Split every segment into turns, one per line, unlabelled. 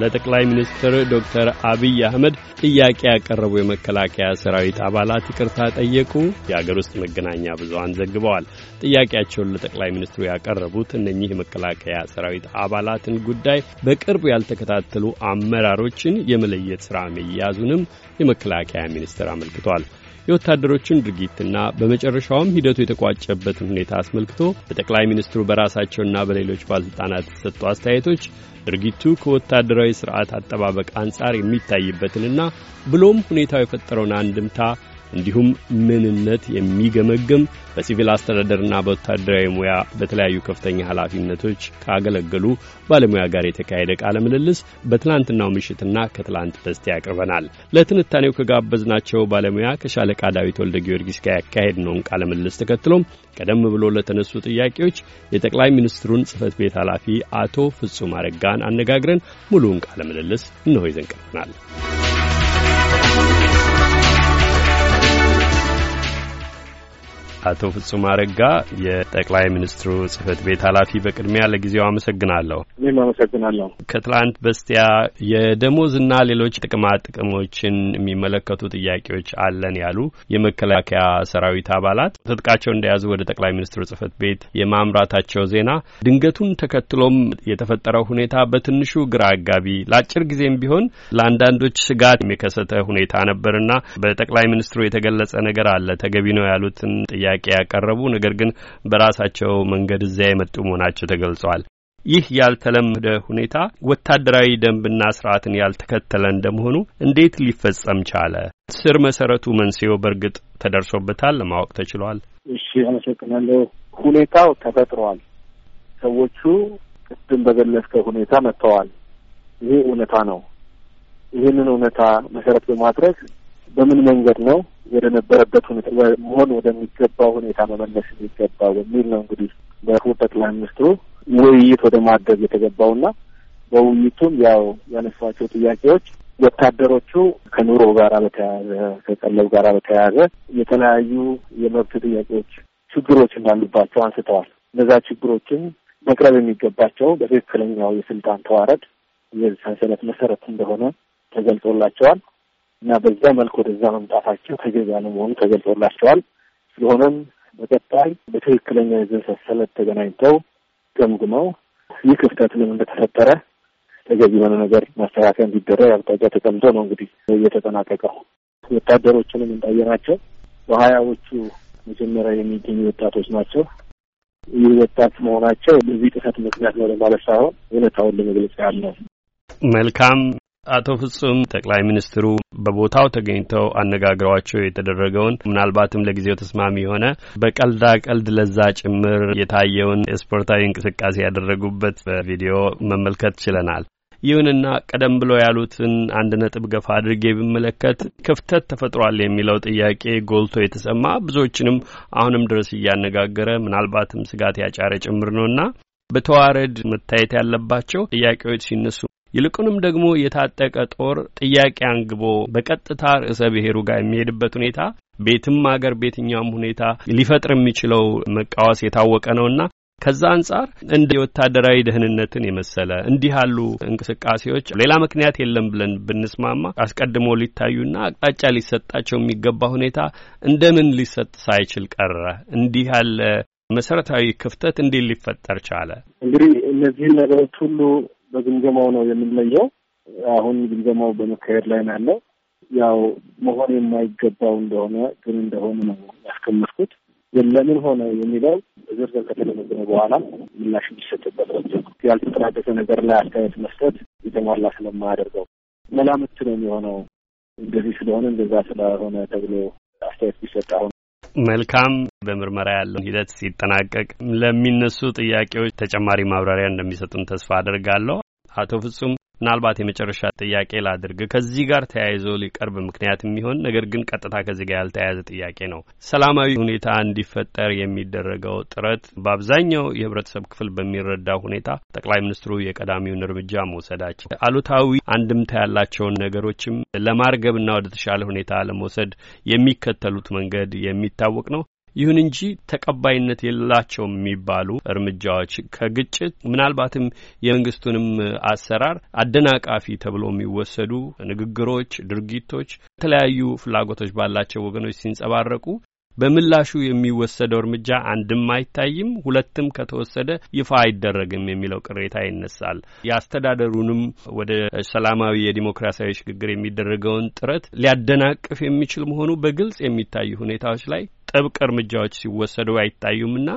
ለጠቅላይ ሚኒስትር ዶክተር አብይ አህመድ ጥያቄ ያቀረቡ የመከላከያ ሰራዊት አባላት ይቅርታ ጠየቁ። የአገር ውስጥ መገናኛ ብዙሃን ዘግበዋል። ጥያቄያቸውን ለጠቅላይ ሚኒስትሩ ያቀረቡት እነኚህ የመከላከያ ሰራዊት አባላትን ጉዳይ በቅርቡ ያልተከታተሉ አመራሮችን የመለየት ስራ መያዙንም የመከላከያ ሚኒስትር አመልክቷል። የወታደሮችን ድርጊትና በመጨረሻውም ሂደቱ የተቋጨበትን ሁኔታ አስመልክቶ በጠቅላይ ሚኒስትሩ በራሳቸውና በሌሎች ባለሥልጣናት የተሰጡ አስተያየቶች ድርጊቱ ከወታደራዊ ስርዓት አጠባበቅ አንጻር የሚታይበትንና ብሎም ሁኔታው የፈጠረውን አንድምታ እንዲሁም ምንነት የሚገመግም በሲቪል አስተዳደርና በወታደራዊ ሙያ በተለያዩ ከፍተኛ ኃላፊነቶች ካገለገሉ ባለሙያ ጋር የተካሄደ ቃለ ምልልስ በትናንትናው ምሽትና ከትላንት በስቲያ ያቅርበናል። ለትንታኔው ከጋበዝናቸው ባለሙያ ከሻለቃ ዳዊት ወልደ ጊዮርጊስ ጋር ያካሄድ ነውን ቃለ ምልልስ ተከትሎም ቀደም ብሎ ለተነሱ ጥያቄዎች የጠቅላይ ሚኒስትሩን ጽህፈት ቤት ኃላፊ አቶ ፍጹም አረጋን አነጋግረን ሙሉውን ቃለ ምልልስ እንሆ ይዘን ቀርበናል። አቶ ፍጹም አረጋ የጠቅላይ ሚኒስትሩ ጽህፈት ቤት ኃላፊ፣ በቅድሚያ ለጊዜው አመሰግናለሁ።
እኔም አመሰግናለሁ።
ከትላንት በስቲያ የደሞዝና ሌሎች ጥቅማ ጥቅሞችን የሚመለከቱ ጥያቄዎች አለን ያሉ የመከላከያ ሰራዊት አባላት ትጥቃቸው እንደያዙ ወደ ጠቅላይ ሚኒስትሩ ጽህፈት ቤት የማምራታቸው ዜና ድንገቱን ተከትሎም የተፈጠረው ሁኔታ በትንሹ ግራ አጋቢ፣ ለአጭር ጊዜም ቢሆን ለአንዳንዶች ስጋት የሚከሰተ ሁኔታ ነበርና በጠቅላይ ሚኒስትሩ የተገለጸ ነገር አለ ተገቢ ነው ያሉትን ጥያቄ ጥያቄ ያቀረቡ ነገር ግን በራሳቸው መንገድ እዚያ የመጡ መሆናቸው ተገልጸዋል። ይህ ያልተለመደ ሁኔታ ወታደራዊ ደንብና ስርዓትን ያልተከተለ እንደመሆኑ እንዴት ሊፈጸም ቻለ? ስር መሰረቱ፣ መንስኤው በእርግጥ ተደርሶበታል ለማወቅ ተችሏል?
እሺ፣ አመሰግናለሁ። ሁኔታው ተፈጥሯል። ሰዎቹ ቅድም በገለጽከው ሁኔታ መጥተዋል። ይሄ እውነታ ነው። ይህንን እውነታ መሰረት በማድረግ በምን መንገድ ነው ወደ ነበረበት ሁኔታ መሆን ወደሚገባው ሁኔታ መመለስ የሚገባ በሚል ነው እንግዲህ በክቡር ጠቅላይ ሚኒስትሩ ውይይት ወደ ማድረግ የተገባውና በውይይቱም ያው ያነሷቸው ጥያቄዎች ወታደሮቹ ከኑሮ ጋራ በተያያዘ ከቀለብ ጋር በተያያዘ የተለያዩ የመብት ጥያቄዎች፣ ችግሮች እንዳሉባቸው አንስተዋል። እነዛ ችግሮችን መቅረብ የሚገባቸው በትክክለኛው የስልጣን ተዋረድ የሰንሰለት መሰረት እንደሆነ ተገልጾላቸዋል። እና በዛ መልክ ወደዛ መምጣታቸው ተገቢ ያለመሆኑ ተገልጾላቸዋል። ስለሆነም በቀጣይ በትክክለኛ የዘር ሰንሰለት ተገናኝተው ገምግመው ይህ ክፍተት ምን እንደተፈጠረ ተገቢ የሆነ ነገር ማስተካከያ እንዲደረግ አቅጣጫ ተቀምጦ ነው እንግዲህ እየተጠናቀቀው። ወታደሮችንም እንጣየናቸው በሀያዎቹ መጀመሪያ የሚገኙ ወጣቶች ናቸው። ይህ ወጣት መሆናቸው በዚህ ጥሰት ምክንያት ነው ለማለት ሳይሆን እውነታውን ለመግለጽ ያለው
መልካም አቶ ፍጹም ጠቅላይ ሚኒስትሩ በቦታው ተገኝተው አነጋግረዋቸው የተደረገውን ምናልባትም ለጊዜው ተስማሚ የሆነ በቀልዳ ቀልድ ለዛ ጭምር የታየውን ስፖርታዊ እንቅስቃሴ ያደረጉበት ቪዲዮ መመልከት ችለናል። ይሁንና ቀደም ብሎ ያሉትን አንድ ነጥብ ገፋ አድርጌ ብመለከት ክፍተት ተፈጥሯል የሚለው ጥያቄ ጎልቶ የተሰማ ብዙዎችንም አሁንም ድረስ እያነጋገረ ምናልባትም ስጋት ያጫረ ጭምር ነውና በተዋረድ መታየት ያለባቸው ጥያቄዎች ሲነሱ ይልቁንም ደግሞ የታጠቀ ጦር ጥያቄ አንግቦ በቀጥታ ርዕሰ ብሔሩ ጋር የሚሄድበት ሁኔታ ቤትም አገር ቤትኛውም ሁኔታ ሊፈጥር የሚችለው መቃወስ የታወቀ ነውና ከዛ አንጻር እንደ የወታደራዊ ደህንነትን የመሰለ እንዲህ ያሉ እንቅስቃሴዎች ሌላ ምክንያት የለም ብለን ብንስማማ አስቀድሞ ሊታዩና አቅጣጫ ሊሰጣቸው የሚገባ ሁኔታ እንደምን ሊሰጥ ሳይችል ቀረ? እንዲህ ያለ መሰረታዊ ክፍተት እንዴት ሊፈጠር ቻለ?
እንግዲህ እነዚህ ነገሮች ሁሉ በግምገማው ነው የምንለየው። አሁን ግምገማው በመካሄድ ላይ ነው ያለው። ያው መሆን የማይገባው እንደሆነ ግን እንደሆነ ነው ያስቀመጥኩት። ለምን ሆነ የሚለው ዝርዝር ከተገመገመ በኋላ ምላሽ የሚሰጥበት ያልተጠናቀቀ ነገር ላይ አስተያየት መስጠት የተሟላ ስለማያደርገው መላምት ነው የሚሆነው። እንደዚህ ስለሆነ እንደዛ ስለሆነ ተብሎ አስተያየት ቢሰጥ አሁን
መልካም። በምርመራ ያለውን ሂደት ሲጠናቀቅ ለሚነሱ ጥያቄዎች ተጨማሪ ማብራሪያ እንደሚሰጡን ተስፋ አደርጋለሁ። አቶ ፍጹም ምናልባት የመጨረሻ ጥያቄ ላድርግ። ከዚህ ጋር ተያይዞ ሊቀርብ ምክንያት የሚሆን ነገር ግን ቀጥታ ከዚህ ጋር ያልተያያዘ ጥያቄ ነው። ሰላማዊ ሁኔታ እንዲፈጠር የሚደረገው ጥረት በአብዛኛው የህብረተሰብ ክፍል በሚረዳ ሁኔታ ጠቅላይ ሚኒስትሩ የቀዳሚውን እርምጃ መውሰዳቸው አሉታዊ አንድምታ ያላቸውን ነገሮችም ለማርገብና ወደ ተሻለ ሁኔታ ለመውሰድ የሚከተሉት መንገድ የሚታወቅ ነው። ይሁን እንጂ ተቀባይነት የሌላቸው የሚባሉ እርምጃዎች ከግጭት ምናልባትም የመንግስቱንም አሰራር አደናቃፊ ተብሎ የሚወሰዱ ንግግሮች፣ ድርጊቶች የተለያዩ ፍላጎቶች ባላቸው ወገኖች ሲንጸባረቁ በምላሹ የሚወሰደው እርምጃ አንድም አይታይም፣ ሁለትም ከተወሰደ ይፋ አይደረግም የሚለው ቅሬታ ይነሳል። የአስተዳደሩንም ወደ ሰላማዊ የዲሞክራሲያዊ ሽግግር የሚደረገውን ጥረት ሊያደናቅፍ የሚችል መሆኑ በግልጽ የሚታዩ ሁኔታዎች ላይ ጥብቅ እርምጃዎች ሲወሰዱ አይታዩምና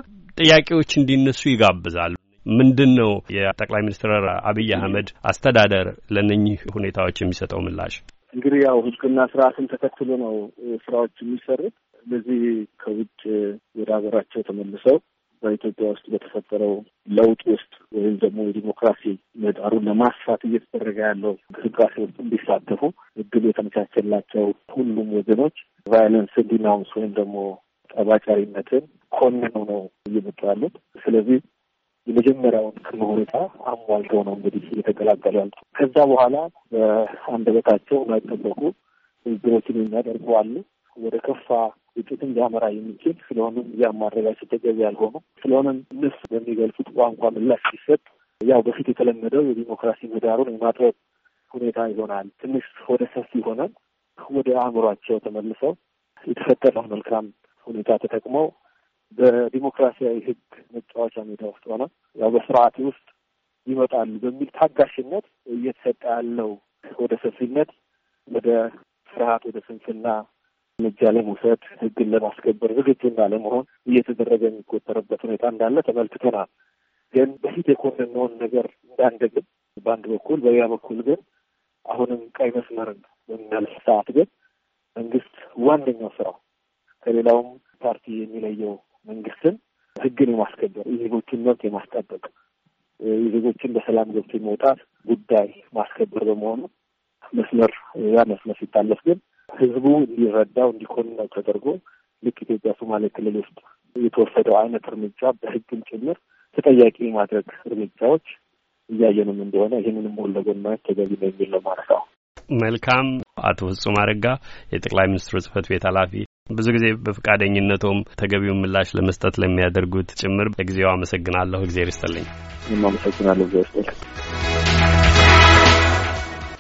ጥያቄዎች እንዲነሱ ይጋብዛሉ። ምንድን ነው የጠቅላይ ሚኒስትር አብይ አህመድ አስተዳደር ለነኚህ ሁኔታዎች የሚሰጠው ምላሽ?
እንግዲህ ያው ሕግና ስርዓትን ተከትሎ ነው ስራዎች የሚሰሩት። ለዚህ ከውጭ ወደ ሀገራቸው ተመልሰው በኢትዮጵያ ውስጥ በተፈጠረው ለውጥ ውስጥ ወይም ደግሞ የዲሞክራሲ ምህዳሩን ለማስፋት እየተደረገ ያለው እንቅስቃሴ ውስጥ እንዲሳተፉ እድሉ የተመቻቸላቸው ሁሉም ወገኖች ቫይለንስ ዲናውንስ ወይም ደግሞ ጠባጫሪነትን ኮንነው ነው እየመጡ ያሉት። ስለዚህ የመጀመሪያውን ክም ሁኔታ አሟልተው ነው እንግዲህ እየተቀላቀሉ ያሉት። ከዛ በኋላ በአንደበታቸው የማይጠበቁ ንግግሮችን የሚያደርጉ አሉ። ወደ ከፋ ውጤትም ሊያመራ የሚችል ስለሆነም እያማረጋቸው ተገቢ ያልሆነ ስለሆነም እነሱ በሚገልጹት ቋንቋ ምላሽ ሲሰጥ ያው በፊት የተለመደው የዲሞክራሲ ምህዳሩን የማጥበብ ሁኔታ ይሆናል። ትንሽ ወደ ሰፊ ይሆናል። ወደ አእምሯቸው ተመልሰው የተፈጠረውን መልካም ሁኔታ ተጠቅመው በዲሞክራሲያዊ ህግ መጫወቻ ሜዳ ውስጥ ሆነ ያው በስርዓት ውስጥ ይመጣሉ በሚል ታጋሽነት እየተሰጠ ያለው ወደ ሰፊነት፣ ወደ ፍርሃት፣ ወደ ስንፍና እርምጃ ለመውሰድ ህግን ለማስከበር ዝግጁና ለመሆን እየተደረገ የሚቆጠርበት ሁኔታ እንዳለ ተመልክተናል። ግን በፊት የኮንነውን ነገር እንዳንደግም በአንድ በኩል፣ በሌላ በኩል ግን አሁንም ቀይ መስመርን በሚያልፍ ሰዓት ግን መንግስት ዋነኛው ስራው ከሌላውም ፓርቲ የሚለየው መንግስትን ህግን የማስከበር የዜጎችን መብት የማስጠበቅ የዜጎችን በሰላም ገብቶ የመውጣት ጉዳይ ማስከበር በመሆኑ መስመር ያ መስመር ሲታለፍ ግን ህዝቡ እንዲረዳው እንዲኮንነው ተደርጎ ልክ ኢትዮጵያ ሶማሌ ክልል ውስጥ የተወሰደው አይነት እርምጃ በህግም ጭምር ተጠያቂ የማድረግ እርምጃዎች እያየንም እንደሆነ ይህንንም ወለጎን ማየት ተገቢ ነው የሚል ነው ማለት ነው።
መልካም። አቶ ፍጹም አረጋ የጠቅላይ ሚኒስትሩ ጽህፈት ቤት ኃላፊ ብዙ ጊዜ በፈቃደኝነቶም ተገቢውን ምላሽ ለመስጠት ለሚያደርጉት ጭምር ለጊዜው አመሰግናለሁ። እግዜር ይስጥልኝ።
እኔም አመሰግናለሁ። እግዜር ይስጥልኝ።